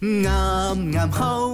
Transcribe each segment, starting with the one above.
嗯嗯嗯好嗯嗯、啱啱好，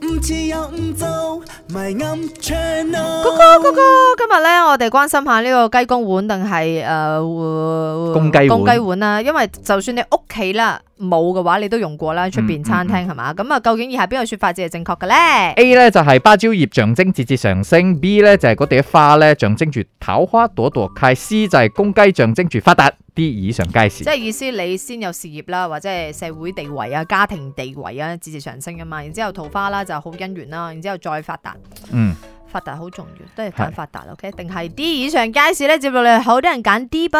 唔知又唔做，迷暗 channel。哥哥哥哥今日咧，我哋關心下呢個雞公碗定係誒公雞公雞碗啦，因為就算你屋企啦。冇嘅話，你都用過啦，出邊餐廳係嘛？咁、嗯、啊，嗯、究竟以下邊個説法至係正確嘅呢？A 呢就係、是、芭蕉葉象徵節節上升，B 呢就係嗰朵花呢象徵住桃花朵朵開，C 就係公雞象徵住發達，D 以上皆是。即係意思你先有事業啦，或者係社會地位啊、家庭地位啊，節節上升啊嘛。然之後桃花啦就好姻緣啦，然之後再發達。嗯。發達好重要，都係揀發達 OK 定係 D 以上皆是咧？接落嚟好多人揀 D 噃。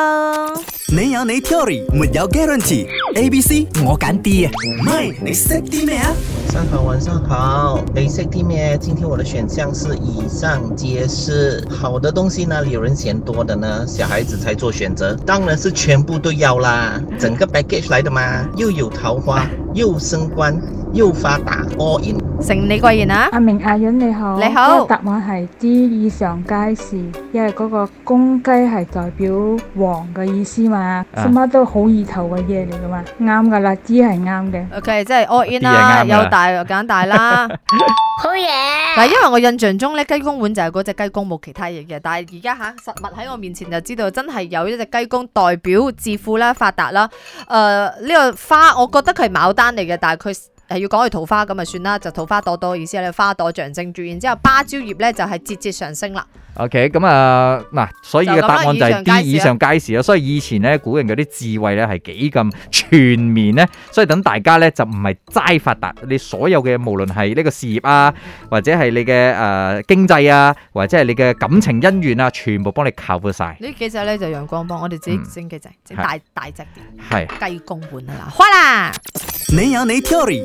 你有你 theory，沒有 guarantee。A、B、C，我揀 D 啊！唔係，你識啲咩啊？晚上好，晚上好，你識啲咩？今天我的選項是以上皆是。好的東西呢？有人嫌多的呢？小孩子才做選擇，當然是全部都要啦。整個 package 來的嘛？又有桃花，又升官，又發達，all in。成李貴賢啊！阿明阿允你好，你好。答案係啲以上皆是，因為嗰個公雞係代表王嘅意思嘛，乜、啊、都好意頭嘅嘢嚟噶嘛，啱噶啦，啲係啱嘅。OK，即係 all in 啦，又大揀大啦，好嘢。嗱， 因為我印象中咧，雞公碗就係嗰隻雞公冇其他嘢嘅，但係而家吓實物喺我面前就知道，真係有一隻雞公代表致富啦、發達啦。誒、呃、呢、這個花我覺得佢係牡丹嚟嘅，但係佢。.係要講佢桃花咁啊，算啦，就桃花朵朵意思咧，花朵象徵住，然之後芭蕉葉咧就係節節上升啦。OK，咁啊嗱，所以個答案就係 D 以上皆是咯。所以以前咧，古人嗰啲智慧咧係幾咁全面咧。所以等大家咧就唔係齋發達，你所有嘅無論係呢個事業啊，嗯、或者係你嘅誒、呃、經濟啊，或者係你嘅感情姻緣啊，全部幫你靠晒。呢幾隻咧就陽光幫，我哋自己整幾隻，整、嗯、大大隻啲係雞公碗啊啦，花啦，你有你 theory。